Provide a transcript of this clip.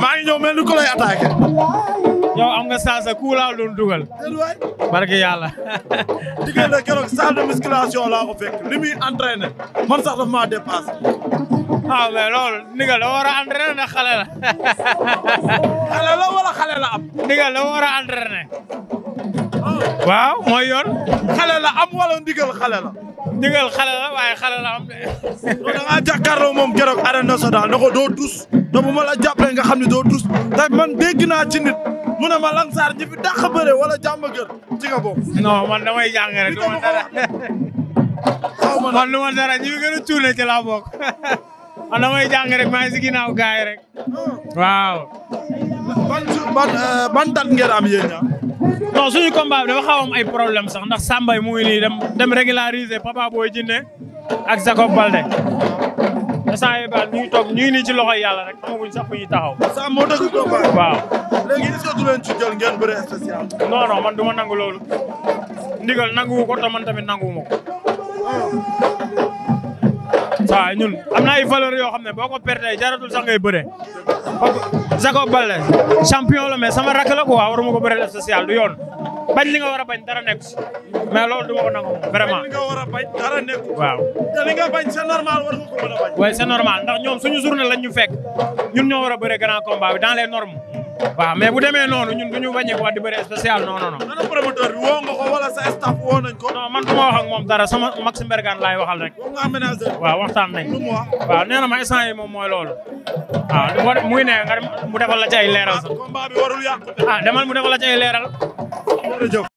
maa ngi ñëw mel ni ku lay attaqué. yow am nga saa sa ku laa dugal. barke yàlla. diggante keroog salle de musculation laa ko fekk li man sax dafa maa dépassé. ah mais loolu ndigal la war a entraîné na xale la. waaw mooy yoon. xale la am wala ndigal xale la. ndigal waaye xale am de. non da ngaa jàkkaarloo moom keroog arène nationale na ko doo tus te bu ma nga xam ne doo tus te man dégg naa ci nit mu ne ma Langsar ñi gër ci nga bokk. man damay jàng rek du man lu ma dara a cuune ci laa bokk. man damay maa ngi si ginnaaw gaay rek. Ah. waaw. ban ban eh, ban am yéen non suñu combat bi dafa xaw ay problème sax ndax Sambay mu ngi nii dem dem régulariser Papa Boy Djiné ak Jacob Balde. instant yii baal ñu toog ñu ngi nii ci loxoy yàlla rek xamaguñ sax fu taxaw. Samb moo dëgg combat man du ma nangu loolu. ndigal nanguwu ko te man tamit nanguwuma ko. waaw ñun am na ay valeur yoo xam ne boo ko perte jaratul sax ngay bëre. Jacob Balde champion la sama rakk la quoi waruma ko bëre def social du yoon. bañ li nga war a bañ dara nekk si mais loolu du ma ko nangu vraiment. bañ li nga war a bañ dara nekk. waaw te li nga a bañ. ndax ñoom suñu journée lañ ñu fekk ñun ñoo war a bëre grand combat bi dans les normes. waaw mais bu demee noonu ñun du ñu bañ a ko wax di bëri sa staff woo nañ man du ma wax moom dara sama Maxime Bergan laay waxal rek. moom nga aménagé. waaw waxtaan nañ. lu mu wax waaw nee na ma instant yi moom mooy loolu. waaw mu ngi ne mu defal la ci ay leeral. Ah, combat bi warul ah, mu defal la ci ay leeral. jërëjëf